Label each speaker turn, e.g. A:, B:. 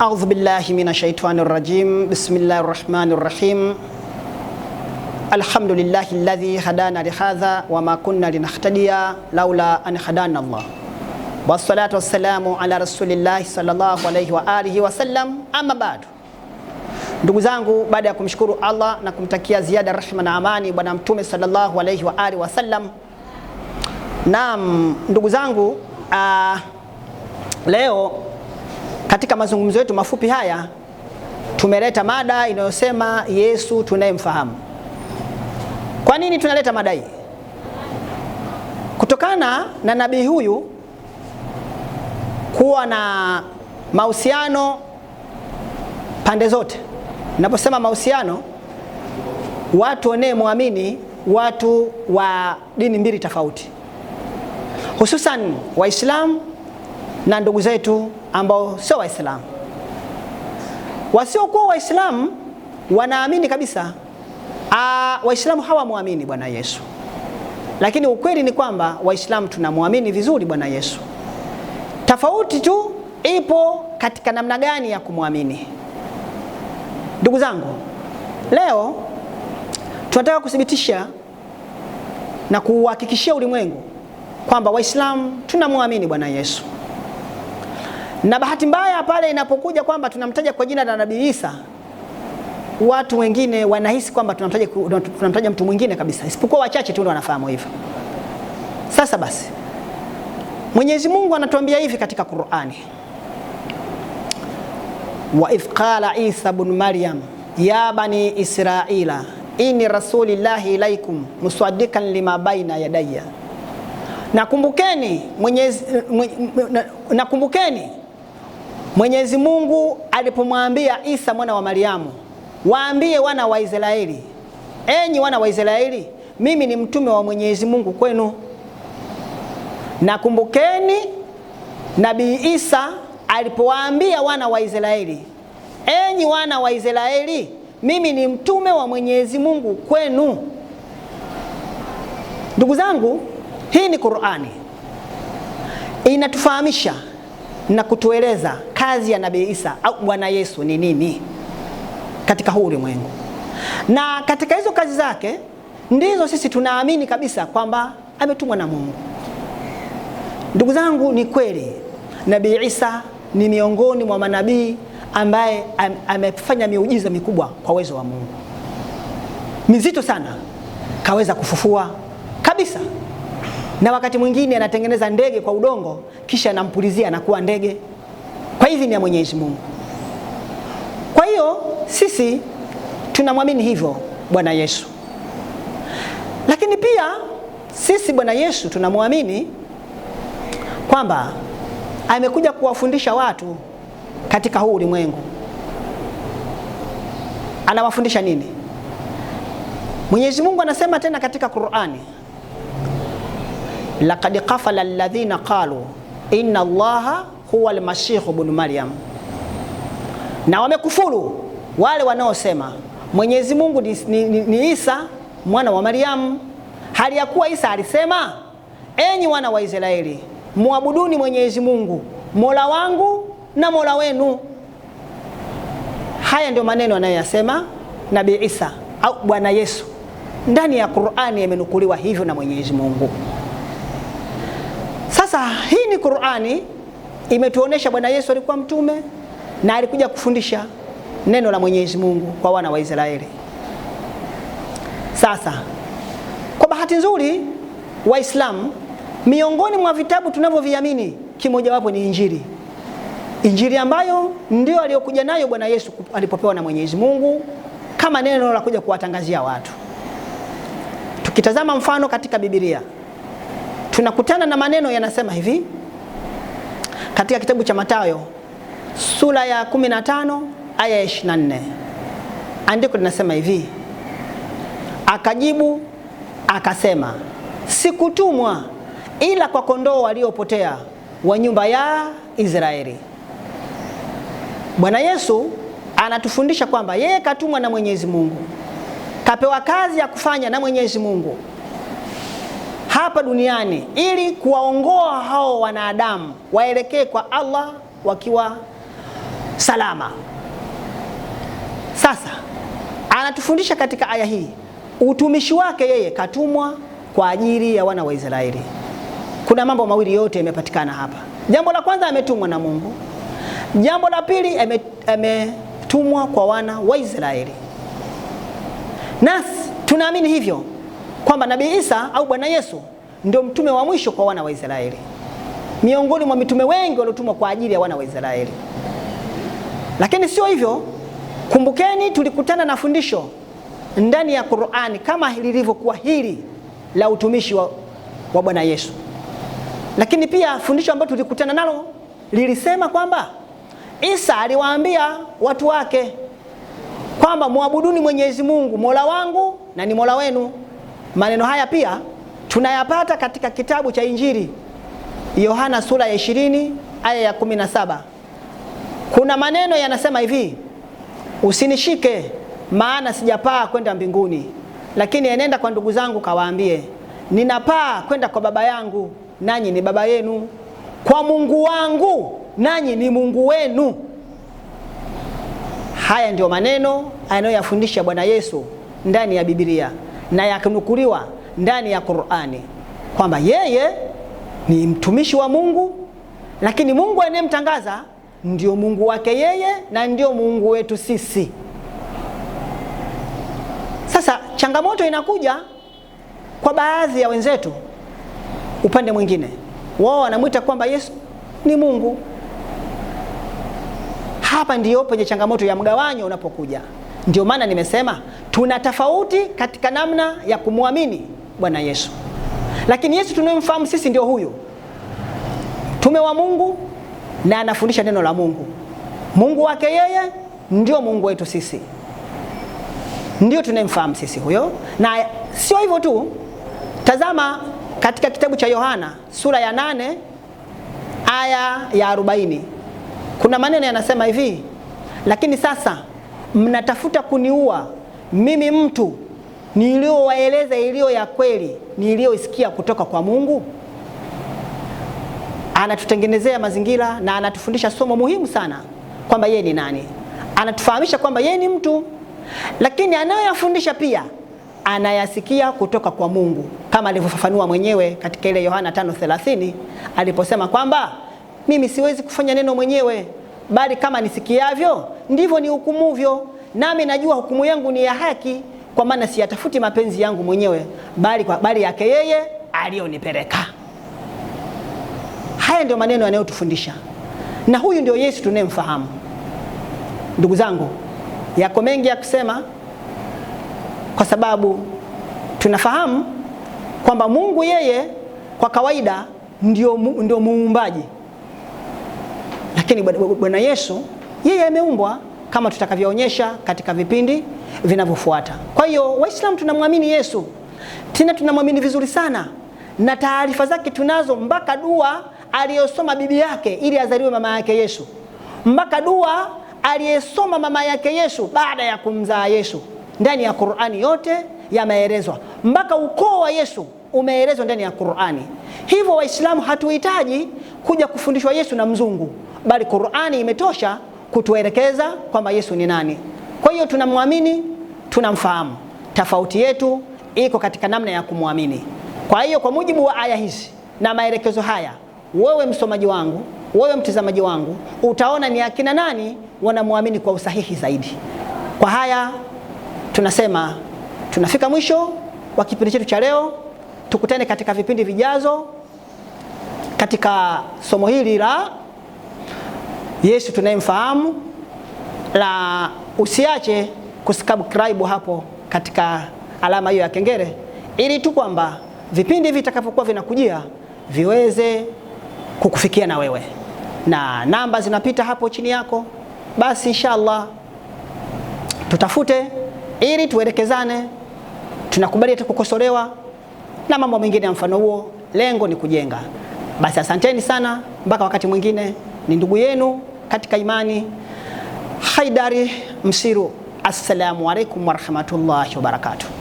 A: A'udhu billahi minash shaitani rrajim. Bismillahir rahmanir rahim. Alhamdulillahi alladhi hadana lihadha wama kunna linahtadiya laula an hadana Allah. Wassalatu wassalamu ala rasulillahi sallallahu alayhi wa alihi wasallam. Amma ba'du. Ndugu zangu, baada ya kumshukuru Allah na kumtakia ziada rahma na amani bwana Mtume sallallahu alayhi wa alihi wasallam. Naam, ndugu zangu, uh, leo katika mazungumzo yetu mafupi haya tumeleta mada inayosema Yesu tunayemfahamu. Kwa nini tunaleta mada hii? Kutokana na nabii huyu kuwa na mahusiano pande zote. Naposema mahusiano, watu muamini watu wa dini mbili tofauti, hususan Waislamu na ndugu zetu ambao sio Waislamu. Wasiokuwa Waislamu wanaamini kabisa ah, Waislamu hawamwamini Bwana Yesu, lakini ukweli ni kwamba Waislamu tunamwamini vizuri Bwana Yesu. Tofauti tu ipo katika namna gani ya kumwamini. Ndugu zangu, leo tunataka kuthibitisha na kuuhakikishia ulimwengu kwamba Waislamu tunamwamini Bwana Yesu. Na bahati mbaya pale inapokuja kwamba tunamtaja kwa jina la Nabii Isa, watu wengine wanahisi kwamba tunamtaja, tunamtaja mtu mwingine kabisa, isipokuwa wachache tu ndio wanafahamu hivyo. Sasa basi, Mwenyezi Mungu anatuambia hivi katika Qur'ani, wa idh qala Isa ibn Maryam ya bani Israila ini rasulillahi ilaikum musaddikan lima baina yadayya, nakumbukeni Mwenyezi, nakumbukeni Mwenyezi Mungu alipomwambia Isa mwana wa Mariamu, waambie wana wa Israeli, enyi wana wa Israeli, mimi ni mtume wa Mwenyezi Mungu kwenu, nakumbukeni Nabii Isa alipowaambia wana wa Israeli, enyi wana wa Israeli, mimi ni mtume wa Mwenyezi Mungu kwenu. Ndugu zangu, hii ni Qur'ani inatufahamisha na kutueleza kazi ya Nabii Isa au Bwana Yesu ni nini katika huu ulimwengu, na katika hizo kazi zake ndizo sisi tunaamini kabisa kwamba ametumwa na Mungu. Ndugu zangu, ni kweli Nabii Isa ni miongoni mwa manabii ambaye am, amefanya miujiza mikubwa kwa uwezo wa Mungu mizito sana. Kaweza kufufua kabisa, na wakati mwingine anatengeneza ndege kwa udongo, kisha anampulizia anakuwa ndege. Kwa idhini ya Mwenyezi Mungu. Kwa hiyo sisi tunamwamini hivyo Bwana Yesu, lakini pia sisi Bwana Yesu tunamwamini kwamba amekuja kuwafundisha watu katika huu ulimwengu. Anawafundisha nini? Mwenyezi Mungu anasema tena katika Qur'ani, laqad qafala alladhina qalu inna Allaha huwa almashihu ibn Maryam. Na wamekufuru wale wanaosema Mwenyezi Mungu ni, ni, ni Isa mwana wa Maryam, hali ya kuwa Isa alisema enyi wana wa Israeli muabuduni Mwenyezi Mungu mola wangu na mola wenu. Haya ndio maneno anayoyasema Nabii Isa au Bwana Yesu ndani ya Qur'ani, yamenukuliwa hivyo na Mwenyezi Mungu. Sasa hii ni Qur'ani Imetuonesha Bwana Yesu alikuwa mtume na alikuja kufundisha neno la Mwenyezi Mungu kwa wana wa Israeli. Sasa kwa bahati nzuri, Waislamu, miongoni mwa vitabu tunavyoviamini kimojawapo ni Injili, Injili ambayo ndio aliyokuja nayo Bwana Yesu alipopewa na Mwenyezi Mungu kama neno la kuja kuwatangazia watu. Tukitazama mfano katika Biblia tunakutana na maneno yanasema hivi katika kitabu cha Mathayo sura ya 15 aya ya 24. Andiko linasema hivi, akajibu akasema, sikutumwa ila kwa kondoo waliopotea wa nyumba ya Israeli. Bwana Yesu anatufundisha kwamba yeye katumwa na Mwenyezi Mungu, kapewa kazi ya kufanya na Mwenyezi Mungu hapa duniani ili kuwaongoa hao wanadamu waelekee kwa Allah wakiwa salama. Sasa anatufundisha katika aya hii utumishi wake, yeye katumwa kwa ajili ya wana wa Israeli. Kuna mambo mawili yote yamepatikana hapa. Jambo la kwanza ametumwa na Mungu, jambo la pili ametumwa kwa wana wa Israeli, nasi tunaamini hivyo kwamba Nabii Isa au Bwana Yesu ndio mtume wa mwisho kwa wana wa Israeli, miongoni mwa mitume wengi waliotumwa kwa ajili ya wana wa Israeli. Lakini sio hivyo, kumbukeni, tulikutana na fundisho ndani ya Qur'ani kama lilivyokuwa hili la utumishi wa, wa Bwana Yesu. Lakini pia fundisho ambalo tulikutana nalo lilisema kwamba Isa aliwaambia watu wake kwamba mwabuduni Mwenyezi Mungu, Mola wangu na ni Mola wenu. Maneno haya pia tunayapata katika kitabu cha Injili Yohana sura ya 20 aya ya 17. Kuna maneno yanasema hivi, usinishike maana sijapaa kwenda mbinguni, lakini enenda kwa ndugu zangu kawaambie, ninapaa kwenda kwa baba yangu nanyi ni baba yenu, kwa Mungu wangu nanyi ni Mungu wenu. Haya ndiyo maneno anayoyafundisha Bwana Yesu ndani ya Biblia na yakinukuliwa ndani ya Qur'ani kwamba yeye ni mtumishi wa Mungu, lakini Mungu anayemtangaza ndio Mungu wake yeye na ndio Mungu wetu sisi. Sasa changamoto inakuja kwa baadhi ya wenzetu, upande mwingine wao wanamwita kwamba Yesu ni Mungu. Hapa ndiyo penye changamoto ya mgawanyo unapokuja. Ndio maana nimesema tuna tofauti katika namna ya kumwamini Bwana Yesu, lakini Yesu tunayemfahamu sisi ndio huyu mtume wa Mungu, na anafundisha neno la Mungu. Mungu wake yeye ndio Mungu wetu sisi, ndio tunayemfahamu sisi huyo. Na sio hivyo tu, tazama katika kitabu cha Yohana sura ya nane aya ya arobaini kuna maneno yanasema hivi: lakini sasa mnatafuta kuniua mimi mtu niliyowaeleza iliyo ya kweli niliyoisikia kutoka kwa Mungu. Anatutengenezea mazingira na anatufundisha somo muhimu sana kwamba yeye ni nani, anatufahamisha kwamba yeye ni mtu, lakini anayoyafundisha pia anayasikia kutoka kwa Mungu kama alivyofafanua mwenyewe katika ile Yohana 5:30 aliposema kwamba mimi siwezi kufanya neno mwenyewe bali kama nisikiavyo ndivyo ni hukumuvyo nami najua hukumu yangu ni ya haki, kwa maana siyatafuti mapenzi yangu mwenyewe, bali kwa bali yake yeye aliyonipeleka. Haya ndio maneno yanayotufundisha, na huyu ndio Yesu tunayemfahamu. Ndugu zangu, yako mengi ya kusema, kwa sababu tunafahamu kwamba Mungu yeye kwa kawaida ndio, ndio muumbaji lakini Bwana Yesu yeye ameumbwa kama tutakavyoonyesha katika vipindi vinavyofuata. Kwa hiyo Waislamu tunamwamini Yesu, tena tunamwamini vizuri sana, na taarifa zake tunazo, mpaka dua aliyosoma bibi yake ili azaliwe mama yake Yesu, mpaka dua aliyesoma mama yake Yesu baada ya kumzaa Yesu. Ndani ya Qur'ani yote yameelezwa, mpaka ukoo wa Yesu umeelezwa ndani ya Qur'ani. Hivyo Waislamu hatuhitaji kuja kufundishwa Yesu na mzungu bali Qur'ani imetosha kutuelekeza kwamba Yesu ni nani. Kwa hiyo tunamwamini, tunamfahamu. Tofauti yetu iko katika namna ya kumwamini. Kwa hiyo kwa mujibu wa aya hizi na maelekezo haya, wewe msomaji wangu, wewe mtazamaji wangu, utaona ni akina nani wanamwamini kwa usahihi zaidi. Kwa haya tunasema tunafika mwisho wa kipindi chetu cha leo. Tukutane katika vipindi vijazo katika somo hili la Yesu tunayemfahamu, na usiache kusubscribe hapo katika alama hiyo ya kengele, ili tu kwamba vipindi hivi vitakapokuwa vinakujia viweze kukufikia na wewe, na namba zinapita hapo chini yako. Basi inshallah tutafute ili tuelekezane. Tunakubali hata kukosolewa na mambo mengine ya mfano huo, lengo ni kujenga. Basi asanteni sana, mpaka wakati mwingine. Ni ndugu yenu katika imani. Haidari Msiru, assalamu alaikum warahmatullahi wabarakatuh.